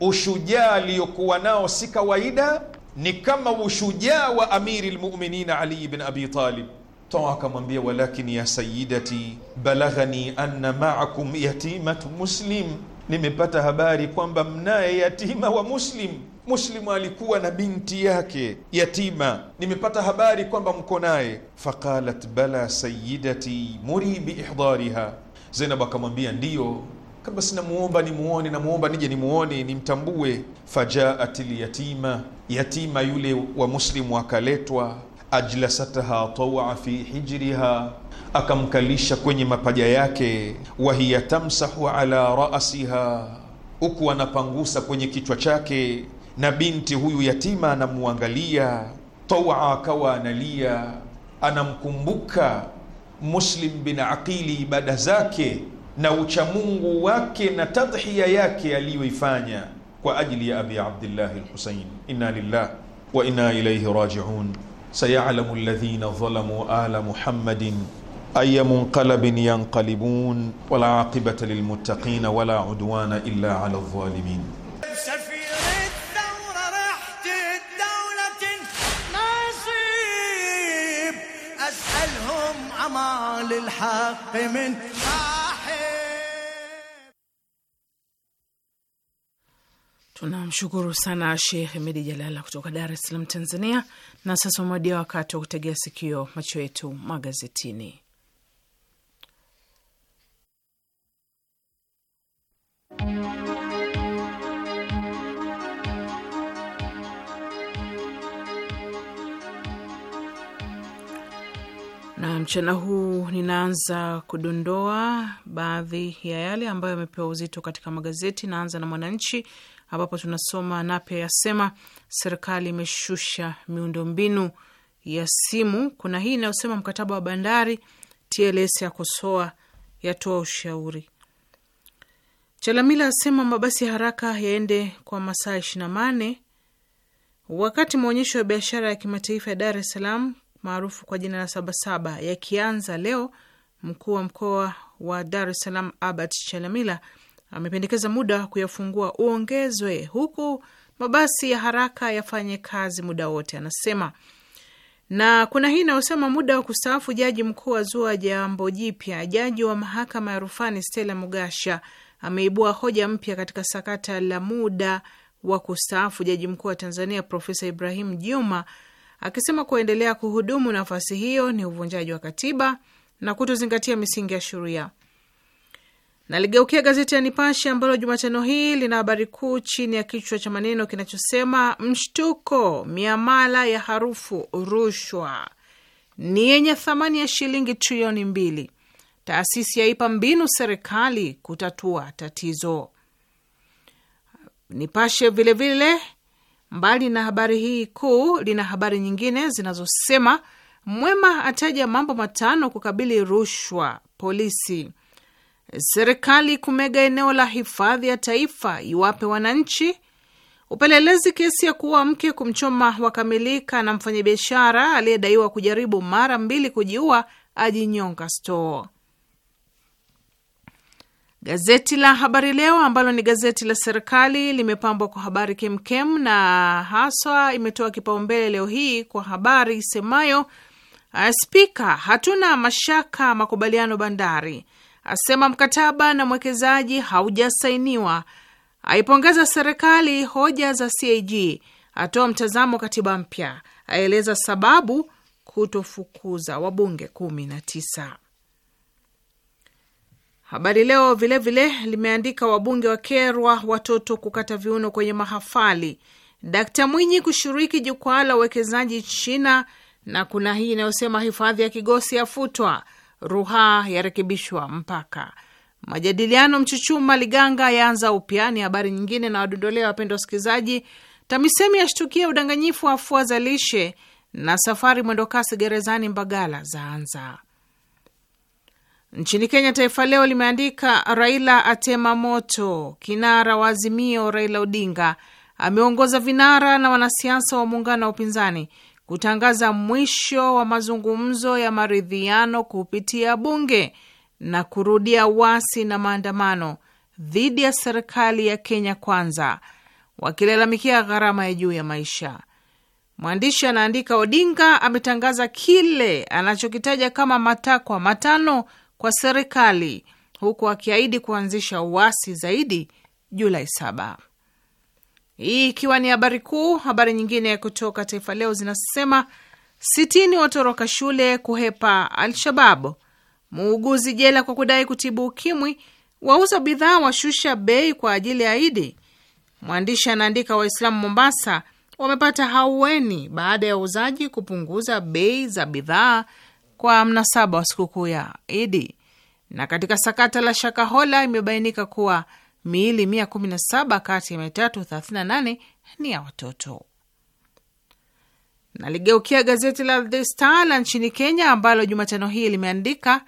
ushujaa aliyokuwa nao si kawaida, ni kama ushujaa wa amiri lmuminin Ali ibn Abi Talib. Toa akamwambia, walakin ya sayidati balaghani anna maakum yatimatu muslim, nimepata habari kwamba mnaye yatima wa Muslim Muslimu alikuwa na binti yake yatima, nimepata habari kwamba mko naye. Faqalat bala sayyidati muri biihdariha, Zainab akamwambia ndiyo, kama sinamuomba nimuone, namuomba nije nimuone, nimtambue. Fajaat lyatima, yatima yule wa Muslimu akaletwa ajlasatha tawa fi hijriha, akamkalisha kwenye mapaja yake. Wahiya tamsahu ala rasiha, huku anapangusa kwenye kichwa chake na binti huyu yatima anamwangalia tawa akawa analia, anamkumbuka Muslim bin Aqili ibada zake na uchamungu wake na tadhiya yake aliyoifanya kwa ajili ya Abi Abdillah al-Husayn. Inna lillah wa inna ilayhi raji'un. Sayalamu alladhina zalamu ala Muhammadin aya munqalabin yanqalibun wala aqibata lilmuttaqin wala udwana illa ala dhalimin للحق من Tunamshukuru sana Sheikh Hemedi Jalala kutoka Dar es Salaam, Tanzania. Na sasa umewadia wakati wa kutegea sikio macho yetu magazetini. na mchana huu ninaanza kudondoa baadhi ya yale ambayo yamepewa uzito katika magazeti. Naanza na Mwananchi ambapo tunasoma Nape yasema serikali imeshusha miundombinu ya simu. Kuna hii inayosema mkataba wa bandari, TLS yakosoa, yatoa ushauri. Chalamila asema mabasi ya haraka yaende kwa masaa ishirini na nane. Wakati maonyesho ya biashara ya kimataifa ya Dar es Salaam maarufu kwa jina la Sabasaba yakianza leo, mkuu wa mkoa wa Dar es Salaam abat Chalamila amependekeza muda wa kuyafungua uongezwe huku mabasi ya haraka yafanye kazi muda wote, anasema. Na kuna hii inayosema muda wa kustaafu jaji mkuu azua jambo jipya. Jaji wa mahakama ya rufani Stella Mugasha ameibua hoja mpya katika sakata la muda wa kustaafu jaji mkuu wa Tanzania Profesa Ibrahim Juma akisema kuendelea kuhudumu nafasi hiyo ni uvunjaji wa katiba na kutozingatia misingi ya sheria. Naligeukia gazeti ya Nipashe ambalo Jumatano hii lina habari kuu chini ya kichwa cha maneno kinachosema mshtuko, miamala ya harufu rushwa ni yenye thamani ya shilingi trilioni mbili, taasisi yaipa mbinu serikali kutatua tatizo. Nipashe vilevile vile Mbali na habari hii kuu, lina habari nyingine zinazosema Mwema ataja mambo matano kukabili rushwa, polisi, serikali kumega eneo la hifadhi ya taifa iwape wananchi, upelelezi kesi ya kuua mke kumchoma wakamilika, na mfanyabiashara aliyedaiwa kujaribu mara mbili kujiua ajinyonga store. Gazeti la Habari Leo ambalo ni gazeti la serikali limepambwa kwa habari kemkem, na haswa imetoa kipaumbele leo hii kwa habari isemayo ah, Spika, hatuna mashaka makubaliano bandari, asema mkataba na mwekezaji haujasainiwa, aipongeza serikali hoja za CAG, atoa mtazamo katiba mpya, aeleza sababu kutofukuza wabunge kumi na tisa. Habari Leo vilevile vile, limeandika wabunge wa kerwa watoto kukata viuno kwenye mahafali, Dkt Mwinyi kushiriki jukwaa la uwekezaji China, na kuna hii inayosema hifadhi ya Kigosi yafutwa, Ruhaa yarekebishwa mpaka, majadiliano Mchuchuma Liganga yaanza upya, ni habari nyingine na wadondolea wapendwa wasikilizaji. TAMISEMI yashtukia udanganyifu wa afua za lishe, na safari mwendokasi gerezani Mbagala zaanza. Nchini Kenya, Taifa Leo limeandika Raila atema moto. Kinara wa Azimio Raila Odinga ameongoza vinara na wanasiasa wa muungano wa upinzani kutangaza mwisho wa mazungumzo ya maridhiano kupitia bunge na kurudia wasi na maandamano dhidi ya serikali ya Kenya Kwanza, wakilalamikia gharama ya juu ya maisha. Mwandishi anaandika, Odinga ametangaza kile anachokitaja kama matakwa matano kwa serikali huku akiahidi kuanzisha uasi zaidi Julai saba. Hii ikiwa ni habari kuu. Habari nyingine kutoka Taifa Leo zinasema sitini watoroka shule kuhepa Alshabab, muuguzi jela kwa kudai kutibu ukimwi, wauza bidhaa washusha bei kwa ajili ya Idi. Mwandishi anaandika Waislamu Mombasa wamepata haueni baada ya wauzaji kupunguza bei za bidhaa kwa mnasaba wa sikukuu ya Idi. Na katika sakata la Shakahola imebainika kuwa miili 117 kati ya 338 ni ya watoto. Naligeukia gazeti la The Star la nchini Kenya ambalo Jumatano hii limeandika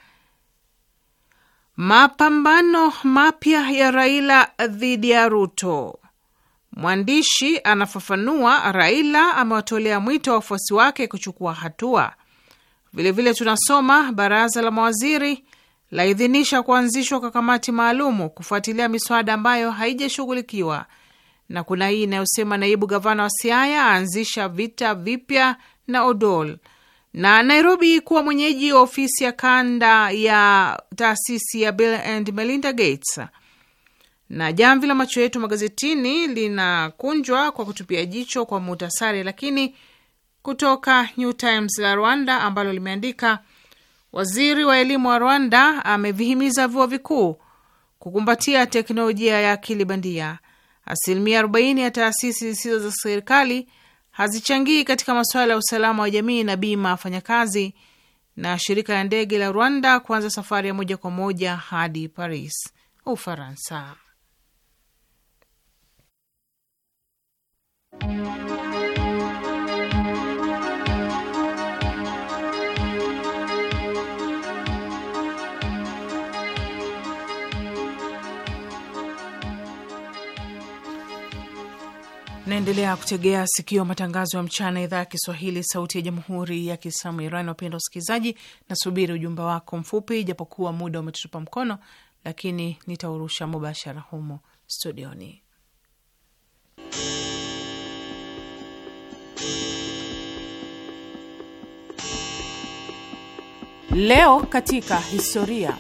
mapambano mapya ya Raila dhidi ya Ruto. Mwandishi anafafanua, Raila amewatolea mwito wafuasi wake kuchukua hatua Vilevile vile tunasoma baraza la mawaziri laidhinisha kuanzishwa kwa kamati maalumu kufuatilia miswada ambayo haijashughulikiwa, na kuna hii inayosema naibu gavana wa Siaya aanzisha vita vipya na Odol, na Nairobi kuwa mwenyeji wa ofisi ya kanda ya taasisi ya Bill and Melinda Gates. Na jamvi la macho yetu magazetini linakunjwa kwa kutupia jicho kwa muhtasari, lakini kutoka New Times la Rwanda ambalo limeandika waziri wa elimu wa Rwanda amevihimiza vyuo vikuu kukumbatia teknolojia ya akili bandia. Asilimia 40 ya taasisi zisizo za serikali hazichangii katika masuala ya usalama wa jamii na bima ya wafanyakazi, na shirika la ndege la Rwanda kuanza safari ya moja kwa moja hadi Paris, Ufaransa. Naendelea kutegea sikio matangazo ya mchana, idhaa ya Kiswahili, sauti ya jamhuri ya kiislamu Iran. Wapendwa wasikilizaji, nasubiri ujumbe wako mfupi, japokuwa muda umetutupa mkono, lakini nitaurusha mubashara humo studioni. Leo katika historia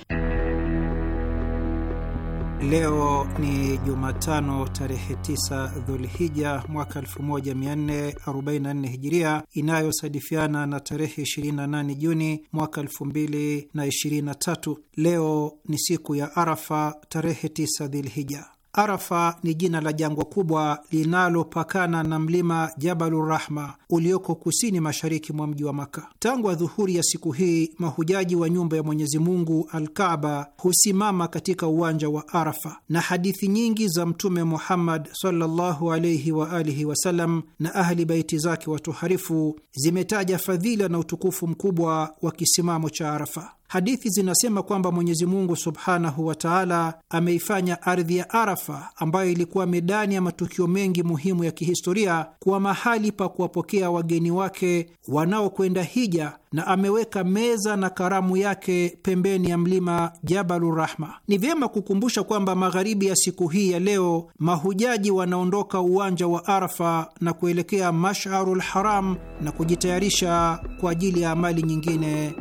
Leo ni Jumatano tarehe 9 Dhulhija mwaka 1444 Hijiria, inayosadifiana na tarehe 28 Juni mwaka 2023. Leo ni siku ya Arafa, tarehe 9 Dhulhija. Arafa ni jina la jangwa kubwa linalopakana na mlima Jabalurrahma ulioko kusini mashariki mwa mji wa Maka. Tangu adhuhuri ya siku hii, mahujaji wa nyumba ya Mwenyezi Mungu Alkaaba husimama katika uwanja wa Arafa, na hadithi nyingi za Mtume Muhammad sallallahu wa alihi wasallam na ahli baiti zake watoharifu zimetaja fadhila na utukufu mkubwa wa kisimamo cha Arafa. Hadithi zinasema kwamba Mwenyezi Mungu subhanahu wa taala ameifanya ardhi ya Arafa, ambayo ilikuwa medani ya matukio mengi muhimu ya kihistoria, kuwa mahali pa kuwapokea wageni wake wanaokwenda hija, na ameweka meza na karamu yake pembeni ya mlima Jabalurrahma. Ni vyema kukumbusha kwamba magharibi ya siku hii ya leo mahujaji wanaondoka uwanja wa Arafa na kuelekea Masharul Haram na kujitayarisha kwa ajili ya amali nyingine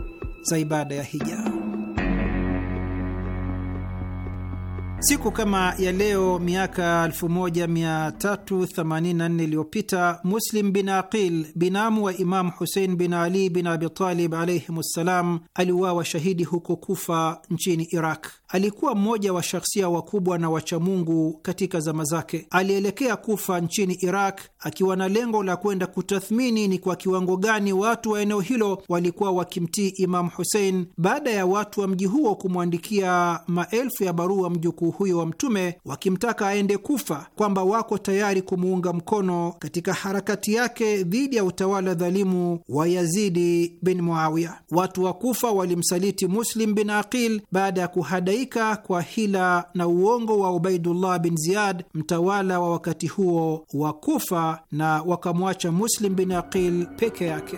za ibada ya hija. Siku kama ya leo miaka 1384 iliyopita Muslim bin Aqil, binamu wa Imamu Husein bin Ali bin Abitalib alaihim ssalam, aliuawa shahidi huko Kufa nchini Iraq alikuwa mmoja wa shakhsia wakubwa na wachamungu katika zama zake. Alielekea Kufa nchini Iraq akiwa na lengo la kwenda kutathmini ni kwa kiwango gani watu wa eneo hilo walikuwa wakimtii Imamu Husein baada ya watu wa mji huo kumwandikia maelfu ya barua mjukuu huyo wa Mtume wakimtaka aende Kufa, kwamba wako tayari kumuunga mkono katika harakati yake dhidi ya utawala dhalimu wa Yazidi bin Muawiya. Watu wa Kufa walimsaliti Muslim bin Aqil baada ya kuhadai kufaidika kwa hila na uongo wa Ubaidullah bin Ziyad, mtawala wa wakati huo wa Kufa, na wakamwacha Muslim bin Aqil peke yake.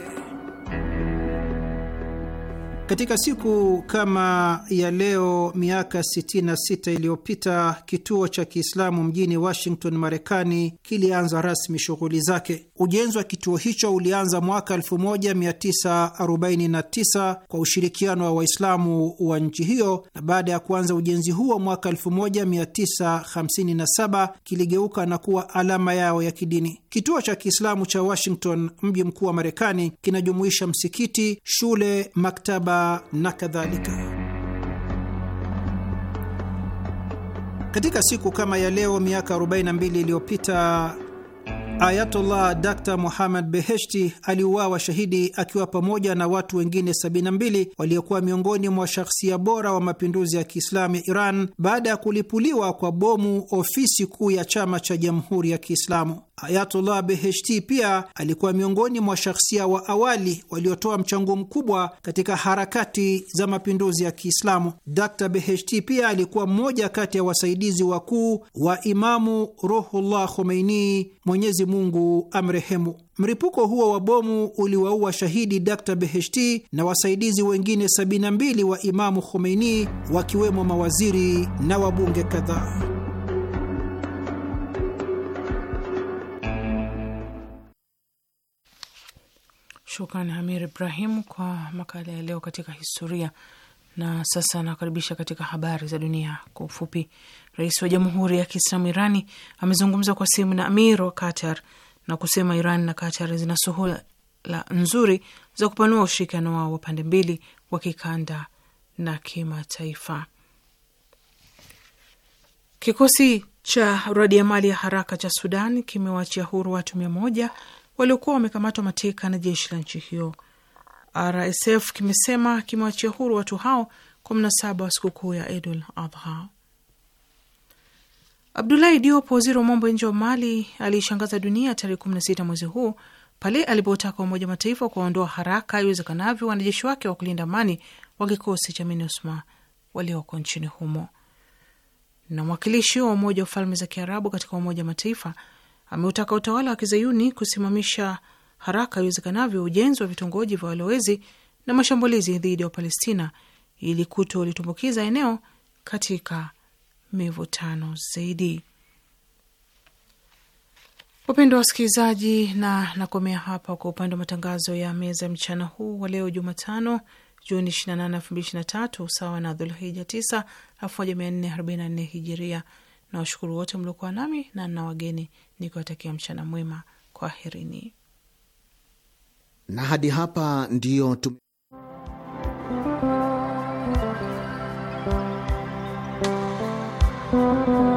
Katika siku kama ya leo miaka 66 iliyopita kituo cha Kiislamu mjini Washington, Marekani kilianza rasmi shughuli zake. Ujenzi wa kituo hicho ulianza mwaka 1949 kwa ushirikiano wa Waislamu wa nchi hiyo, na baada ya kuanza ujenzi huo mwaka 1957 kiligeuka na kuwa alama yao ya kidini. Kituo cha Kiislamu cha Washington, mji mkuu wa Marekani, kinajumuisha msikiti, shule, maktaba na kadhalika. Katika siku kama ya leo miaka 42 iliyopita Ayatollah Dr Muhammad Beheshti aliuawa shahidi akiwa pamoja na watu wengine 72 waliokuwa miongoni mwa shakhsia bora wa mapinduzi ya Kiislamu ya Iran baada ya kulipuliwa kwa bomu ofisi kuu ya chama cha jamhuri ya Kiislamu. Ayatollah Beheshti pia alikuwa miongoni mwa shakhsia wa awali waliotoa mchango mkubwa katika harakati za mapinduzi ya Kiislamu. Dr Beheshti pia alikuwa mmoja kati ya wasaidizi wakuu wa Imamu Ruhullah Khomeini, Mwenyezi Mwenyezi Mungu amrehemu. Mripuko huo wa bomu uliwaua shahidi Dr Beheshti na wasaidizi wengine 72 wa Imamu Khomeini, wakiwemo mawaziri na wabunge kadhaa. Shukran Hamir Ibrahim kwa makala ya leo katika historia. Na sasa nakaribisha katika habari za dunia kwa ufupi. Rais wa Jamhuri ya Kiislamu Irani amezungumza kwa simu na Amir wa Qatar na kusema Iran na Qatar zina suhula nzuri za kupanua ushirikiano wao wa pande mbili wa kikanda na kimataifa. Kikosi cha mali ya haraka cha Sudan kimewachia huru watu mia moja waliokuwa wamekamatwa mateka na jeshi la nchi hiyo. RSF kimesema kimewachia huru watu hao kwa mnasaba wa sikukuu ya Idul Adha. Abdulahi Diop, waziri wa mambo ya nje wa Mali, aliishangaza dunia tarehe 16 mwezi huu pale alipotaka Umoja Mataifa kuwaondoa haraka iwezekanavyo wanajeshi wake wa kulinda amani wa kikosi cha MINUSMA walioko nchini humo. Na mwakilishi wa Umoja wa Falme za Kiarabu katika Umoja Mataifa ameutaka utawala wa kizayuni kusimamisha haraka iwezekanavyo ujenzi wa vitongoji vya walowezi na mashambulizi dhidi ya Wapalestina ili kuto litumbukiza eneo katika mivutano zaidi. Upendo wa wasikilizaji, na nakomea hapa kwa upande wa matangazo ya meza ya mchana huu wa leo Jumatano Juni 28, 2023 sawa na Dhulhija 9 1444 Hijiria. Na washukuru wote mliokuwa nami na na wageni nikiwatakia mchana mwema, kwaherini na hadi hapa ndio tu Thank you.